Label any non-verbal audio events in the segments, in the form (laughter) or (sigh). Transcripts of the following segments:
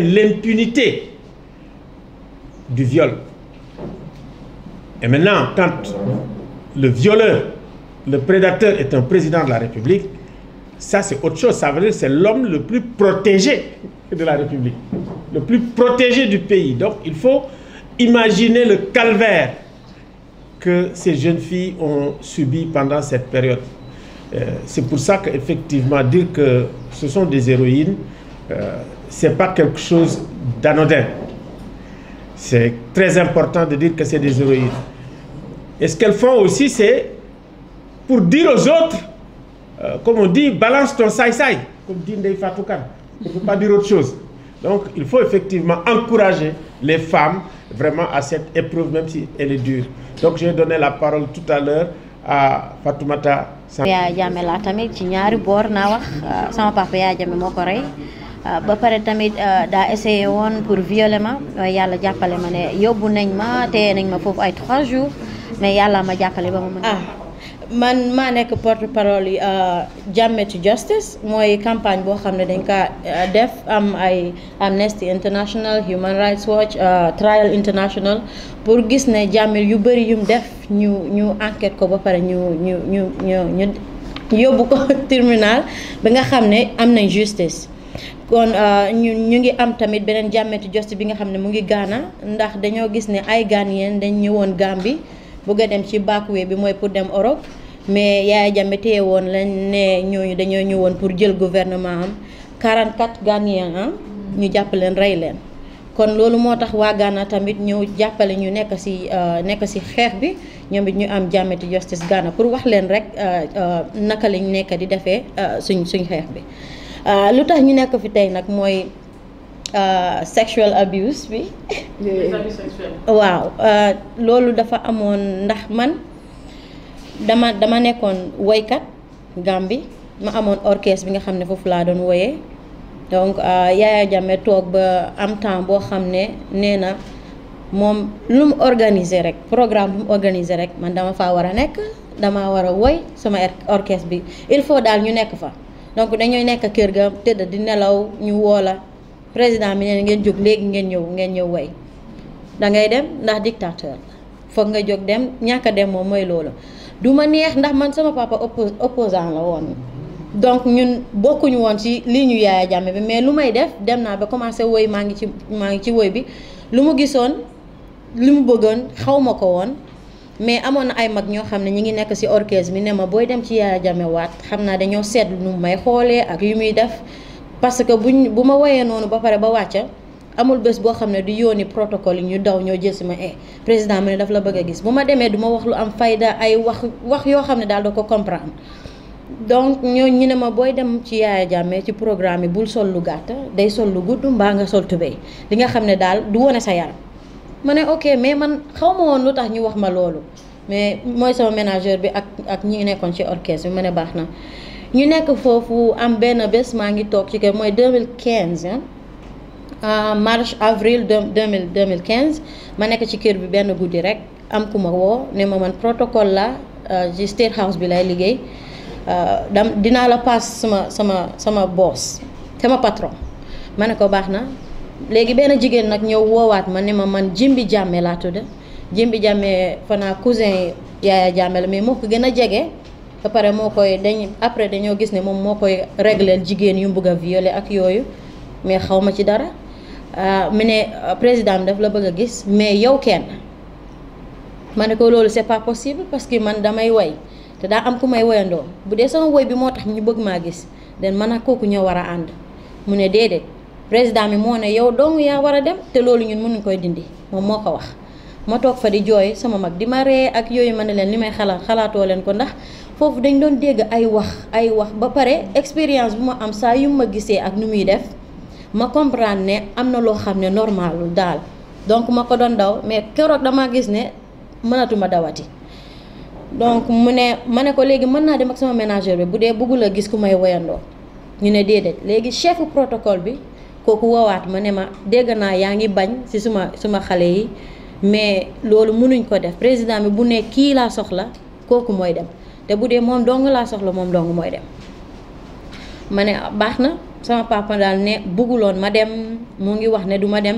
l'impunité du viol. Et maintenant, quand le violeur, le prédateur est un président de la République, ça c'est autre chose. Ça veut dire c'est l'homme le plus protégé de la République, le plus protégé du pays. Donc il faut imaginer le calvaire que ces jeunes filles ont subi pendant cette période. Euh, c'est pour ça qu'effectivement, dire que ce sont des héroïnes, euh, n'est pas quelque chose d'anodin. C'est très important de dire que c'est des héroïnes. Et ce qu'elles font aussi, c'est pour dire aux autres, euh, comme on dit, balance ton saï sai comme dit Ndei Fatoukan. On ne peut pas dire autre chose. Donc, il faut effectivement encourager les femmes vraiment à cette épreuve, même si elle est dure. Donc, j'ai donné la parole tout à l'heure à Fatoumata Ah, ba pare tamit ah, daa essayé woon pour violer ma waaye yàlla jàppale ma ne yóbbu nañ ma téye nañ ma foofu ay trois jours mais yàlla ma jàppale ba ma mën ah, man maa nekk porte parole yi Jammeh to Justice mooy campagne boo xam ne dañ ka def am ay Amnesty International Human Rights Watch Trial International pour gis ne Jammeh yu bëri yum def ñu ñu enquête ko ba pare ñu ñu ñu ñu yóbbu ko (laughs) tribunal bi nga xam ne am nañ justice kon euh, ñu ñu ngi am tamit beneen jàmmetu josti bi nga xam ne mu ngi gaana ndax dañoo gis ne ay gaan yéen dañ ñëwoon Gambie bi a dem ci backway bi mooy pour dem Europe mais Yaya Jammeh woon lañ ne ñooñu dañoo ñëwoon pour jël gouvernement am 44 Ghanéens ah ñu jàpp leen rey leen kon loolu moo tax waa Ghana tamit ñëw jàppale ñu nekk ci euh, nekk ci xeex bi ñoom it ñu am jàmmeti justice Ghana pour wax leen rek euh, naka lañ nekk di defee suñ suñ xeex bi Euh, lu tax ñu nekk fi tey nag mooy euh, sexual abuse bi (laughs) waaw euh, loolu dafa amoon ndax man dama dama nekkoon woykat Gàmbi ma amoon orchestre bi nga xam ne foofu laa doon woyee donc Yaya jàmme toog ba am temps boo xam ne nee na moom lu mu organiser rek programme bu mu organiser rek man dama faa war a nekk dama war a woy sama orchestre bi il faut daal ñu nekk fa donc dañuy nekk kër ga tëdd di nelaw ñu woo la président bi neen ngeen jóg léegi ngeen ñëw ngeen ñëw way da ngay dem ndax dictateur foog nga jóg dem ñàkk a dem moom mooy loolu du ma neex ndax man sama papa opposant la woon donc ñun bokkuñu woon ci lii ñu yaaya jàmme bi mais lu may def dem naa ba commencé woy maa ngi ci maa ngi ci woy bi lu mu gisoon li mu bëggoon xaw ma ko woon mais amon ay mag ñoo xamne ñi ngi nekk ci orchestre mi ne ma booy dem ci yaa jame wat xamna dañoo seetlu nu may xolé ak yu muy def parce que buñ buma wayé nonu ba paré ba wacca amul bés bo xamne du yoni protocole ñu daw ñoo jël eh président mu daf la bëgg gis buma démé duma wax lu am fayda ay wax wax yo xamne dal daal da ko comprendre donc ñoo ñi ne ma dem ci yaa jame ci programme bi bul sol lu gatt day sol lu gudd mba nga sol tubey li nga xamne dal du woné sa yaram ma ne ok mais man xaw ma woon lu tax ñu wax ma loolu mais mooy sama ménageur bi ak ak ñi nekkoon ci orchestre bi ma ne baax na ñu nekk foofu am benn bés maa ngi toog ci kër mooy 2015 ah mars avril deux mille deux mille quinze ma nekk ci kër bi benn guddi rek am ku ma woo ne ma man protocole la euh, ci state house bi lay liggéey euh, dam dinaa la paas sama sama sama boss sama patron ma ne ko baax na léegi benn jigéen nag ñëw woowaat ma ne ma man Jimbi Jammeh laa tudd Jimbi Jammeh fanaa cousin a Jammeh la mais moo ko gën a jege. ba pare moo koy dañ après dañoo gis ne moom moo koy régler jigéen yu bëgg a violer ak yooyu mais xaw ma ci dara ah, mu ne ah, président bi daf la bëgg a gis mais yow kenn ma ne ko loolu c'est pas possible parce que man damay woy te daa am ku may woyandoo bu dee sama woy bi moo tax ñu bëgg maa gis den man ak kooku ñoo war a ànd mu ne déedéet. président bi moo ne yow dong yaa war a dem te loolu ñun mënuñ koy dindi moom moo ko wax ma toog fa di jooy sama mag di ma ree ak yooyu ma ne leen li may xalaat xalaatoo leen ko ndax foofu dañ doon dégg ay wax ay wax ba pare expérience bu ma am saa yu ma gisee ak nu muy def ma comprendre ne am na loo xam ne normalul daal donc ma ko doon daw mais keroog damaa gis ne mënatuma dawati donc mu ne ma ne ko léegi mën naa dem ak sama ménagère bi bu dee bëggul a gis ku may woyandoo ñu ne déedéet léegi chefu protocole bi kooku woowaat ma ne ma dégg naa yaa ngi bañ ci suma suma xale yi mais loolu mënuñ ko def président bi bu ne kii laa soxla kooku mooy dem te bu dee moom dong laa soxla moom dong mooy dem ma ne ah, baax na sama papa daal ne bëgguloon ma dem mu ngi wax ne du ma dem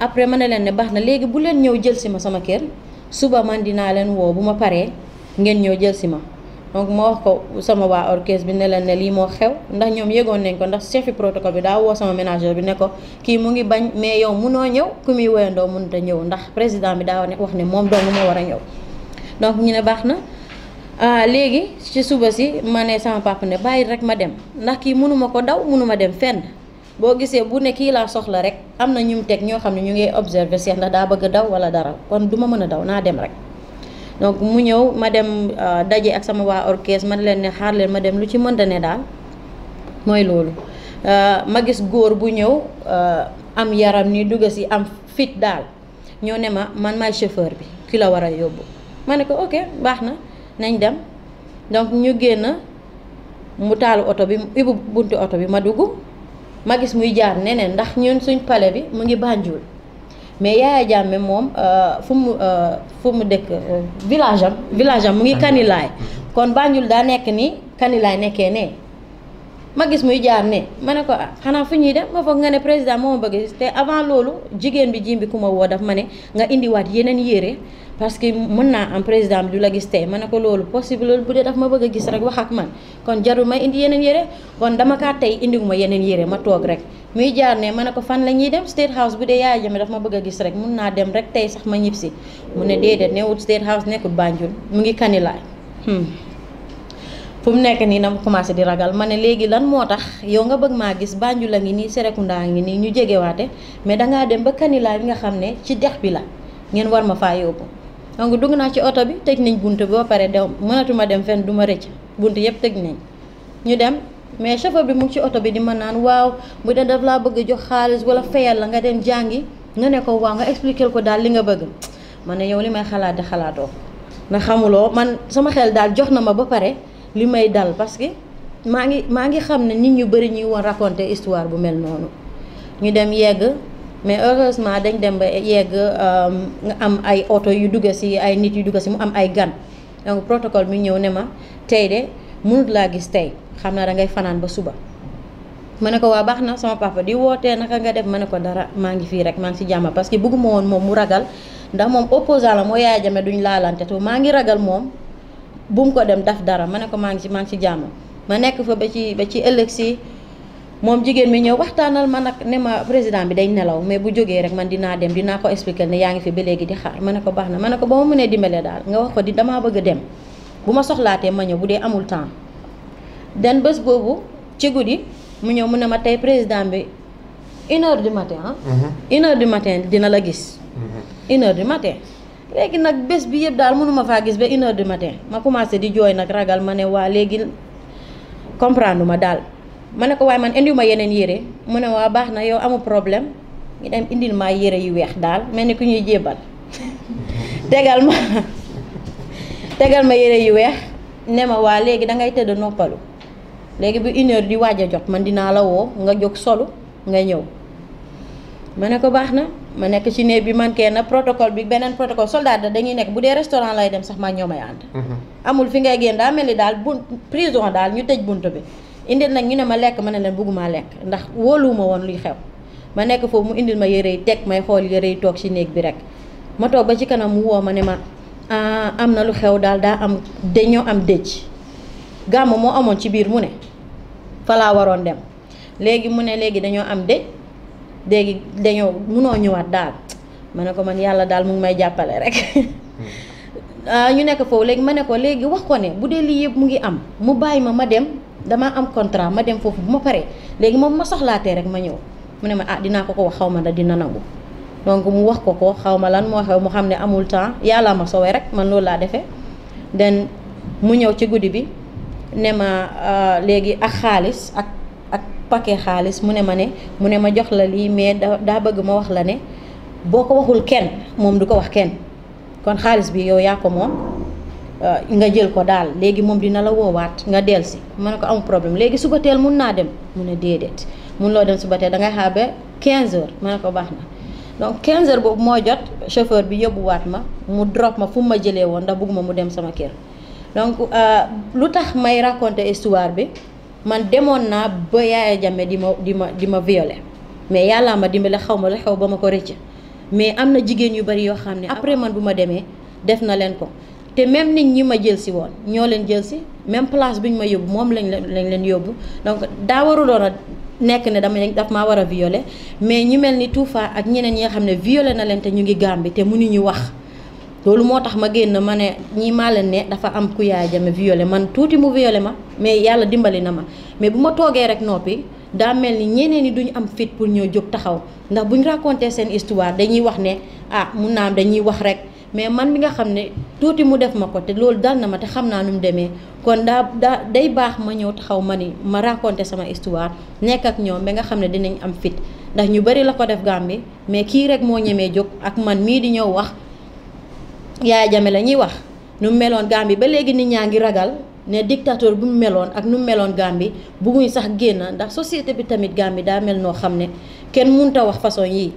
après ma ne leen ne baax na léegi bu leen ñëw jël si ma sama kër suba man dinaa leen woo bu ma paree ngeen ñëw jël si ma donc moo wax ko sama waa orchestre bi ne leen ne lii moo xew ndax ñoom yëgoon nañ ko ndax chef protocole bi daa woo sama ménageur bi ne ko kii mu ngi bañ mais yow munoo ñëw ku muy woyandoo mënut a ñëw ndax président bi daa wax ne moom dong moo war a ñëw donc ñu ne baax na. ah léegi ci suba si ma ne sama papa ne bàyyi rek ma dem ndax kii mënuma ko daw mënuma dem fenn boo gisee bu ne kii laa soxla rek am na ñu mu teg ñoo xam ne ñu ngi observé seet ndax daa bëgg daw wala dara kon du ma mën a daw naa dem rek. donc mu ñew ma dem euh, daje ak sama wa orchestre man leen ne xaar leen ma dem lu ci mënta ne moy lolu euh ma gis goor bu euh am yaram ni dugg si am fit dal ñoo ne ma man may chauffeur bi ki la wara yobbu mané ne ko ok baxna nañ dem donc ñu mu taal auto bi ibu buntu auto bi ma dugg ma gis muy jaar neneen ndax ñun suñ palais bi mu ngi banjul mais Yaya Jammeh moom euh, fu mu euh, fu mu dëkk euh, village am village am mu ngi Kanilaay kon Banjul daa nekk ni Kanilaay nekkee ne ma gis muy jaar ne ma ne ko ah xanaa fu ñuy dem ma foog nga ne président moo ma bëgg te avant loolu jigéen bi jimbi woo daf ma nga indiwaat yeneen yére parce que mën naa am président bi la gis ma ne ko loolu possible bu dee daf ma bëgg a gis rek wax ak man kon jarul may indi yeneen yére kon dama kaa tey indiwuma yeneen yére ma toog rek muy jaar ne ma ne ko fan la ñuy dem State House bu dee yaay jame daf ma bëgg a gis rek mun naa dem rek tey sax ma ñibbisi mu ne déedéet newut State House nekkul Banjul mu ngi Kanilaay hmm. fum nek ni na commencé di ragal mané légui lan motax yo yow nga bëgg ma gis Banjul la ngi nii nda ngi ni ñu waté mais nga dem ba kanila bi nga xamné ci dex bi la ngeen war ma fa yobbu donc dug na ci auto bi tej nañ buntu bi ba pare dem mënatuma dem fenn duma ma buntu yépp tej nañ ñu dem mais chauffeur bi mu ci auto bi di ma naan waaw bu daf la bëgg jox xaaliss wala fayal la nga dem jangi, nga ne ko wa nga expliquer ko dal li nga bëgg mané yow limay xalaat di xalaato na xamulo man sama xel dal joxnama ba pare limay dal parce que maa ngi maa ngi xam nit ñu bari ñuy won raconter histoire bu mel nonu ñu dem yegg mais heureusement dañ dem ba yegg euh, nga am ay auto yu dugg si ay nit yu dugg si mu am ay gan donc protocole mi ñew ne ma de mënut la gis tay xamna da ngay fanaan ba suba mané ko wa baxna sama papa di woté naka nga def mané ko dara mangi ngi fii rek maa ngi si jàmm parce que bëgguma won mom mu ragal ndax mom opposant la mo yaay jame duñ laalante te ragal mom. bu mu ko dem daf dara ma ne ko maa ngi ci maa ngi ci jàmm ma nekk fa ba ci ba ci ëllëg si moom jigéen mi ñëw waxtaanal ma nag ne ma président bi day nelaw mais bu jógee rek man dinaa dem dinaa ko expliquer ne yaa ngi fi ba léegi di xaar ma ne ko baax na ma ne ko ba ma mënee dimbale daal nga wax ko di damaa bëgg a dem bu ma soxlaatee ma ñëw bu dee amul temps den bés boobu ci guddi mu ñëw mu ne ma tey président bi une heure du matin ah. Mm-hmm. une heure du matin dina la gis. Mm-hmm. une heure du léegi nak bes bi yeb dal munuma fa gis be 1h du matin ma commencé di joy nak ragal mané wa waa léegi comprendre ma daal ma ko way man indiwuma yeneen yére mu ne waa yow amu problème ngi dem indil ma yéré yu weex dal melni ku ñuy (laughs) tegal ma (laughs) tegal ma yéré yu weex néma wa waa da ngay tëdd noppalu léegi bu 1h di wajja jot man dina la wo nga jog solo nga ñëw mané ko baxna ma nekk ci néeg bi man kenn protocole bi beneen protocole soldat da dañuy nekk bu dee restaurant lay dem sax maa ñoo may ànd. Mhm. amul fi ngay génn daa mel ni daal bunt prison daal ñu tëj bunt bi. indil nag ñu ne ma lekk ma ne leen buggumaa lekk ndax wóoluwuma woon luy xew ma nekk foofu mu indil ma yëre yi teg may xool yëre yi toog ci néeg bi rek ma toog ba ci kanam mu woo ma ne ma ah, am na lu xew daal daa am dañoo am dëj gàmm moo amoon ci biir mu ne fa waroon dem léegi mu ne léegi dañoo am dëj léegi dañoo munoo ñëwaat daal ma ne ko man yàlla daal mu may jàppale rek hmm. (laughs) ah, ñu nekk foofu léegi ma ne ko léegi wax ko ne bu dee lii yëpp mu ngi am mu bàyyi ma ma dem damaa am contrat ma dem foofu bu ma paree léegi moom ma soxlaatee rek ma ñëw mu ne ma ah dinaa ko ko wax xaw ma da dina nangu donc mu wax ko ko xaw ma lan moo xew mu xam ne amul temps yàlla ma soowee rek man loolu laa defee den mu ñëw ci guddi bi ne ma ah, léegi ak xaalis ak paquet xaalis mu ne ma ne mu ne ma jox la lii mais daa bëgg ma wax la ne boo ko waxul kenn moom du ko wax kenn kon xaalis bi yow yaa ko moom euh, nga jël ko daal léegi moom dina la woowaat nga dellu si ma ne ko am problème léegi suba teel mun naa dem mu ne déedéet mun loo dem suba teel da ngay xaar ba 15 heures ma ne ko baax na donc 15 heures boobu moo jot chauffeur bi yóbbuwaat ma mu drop ma fu ma jëlee woon ndax bëgguma mu dem sama kër donc euh, bi. man demoon naa ba Yaaya Jammeh di ma di ma di ma violé mais yàllaa ma dimbale xaw ma la xew ba ma ko rëcc mais am na jigéen yu bari yoo xam ne après man bu ma demee def na leen ko te même nit ñi ma jël si woon ñoo leen jël si même place bi ñu ma yóbbu moom lañ leen lañ leen yóbbu donc daa waruloon nekk ne dama daf maa war a violé mais ñu mel ni Toufa ak ñeneen ñi nga xam ne violé na leen te ñu ngi gaam bi te ñu wax loolu moo tax ma génn ma ne ñii maa leen ne dafa am ku yaay jama violé man tuuti mu violé ma mais yàlla dimbali na ma mais bu ma toogee rek noppi daa mel ni ñeneen ñi duñu am fit pour ñoo jóg taxaw ndax bu ñu raconté seen histoire dañuy wax ne ah mun naa am dañuy wax rek mais man mi nga xam ne tuuti mu def ma ko te loolu dal na ma te xam naa nu mu demee kon daa daa day baax ma ñëw taxaw ma ni ma raconté sama histoire nekk ak ñoom ba nga xam ne dinañ am fit ndax ñu bari la ko def Gàmbi mais kii rek moo ñemee jóg ak man mii di ñëw wax Yaaya Jammeh la ñuy wax nu mu meloon Gambie ba léegi nit ñaa ngi ragal ne dictateur bu mu meloon ak nu mu meloon Gambie bugguñ sax génn ndax société bi tamit Gambie daa mel noo xam ne kenn munta wax façon yii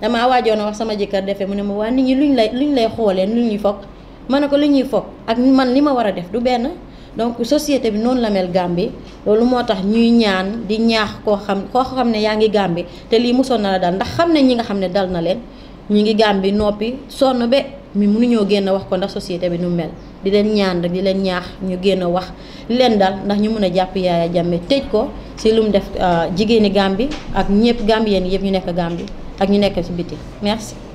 damaa waajoon a wax sama jëkkër defee mu ne ma waa nit ñi luñ lay luñ lay xoolee lu ñuy foog ma ne ko lu ñuy foog ak man li ma war a def du benn donc société bi noonu la mel Gambie loolu moo tax ñuy ñaan di ñaax koo xam koo xam ne yaa ngi Gambie te lii musoon na la dal ndax xam ne ñi nga xam ne dal na leen ñu ngi Gambie noppi sonn be mi ñoo génn wax ko ndax société bi nu mel di leen ñaan rek di leen ñaax ñu génn wax li leen dal ndax ñu mën a jàpp Yaya jàmme tëj ko si lu mu def euh, jigéeni Gàmbi ak ñëpp Gàmbiyeen yëpp ñu nekk Gàmbi ak ñu nekk ci biti merci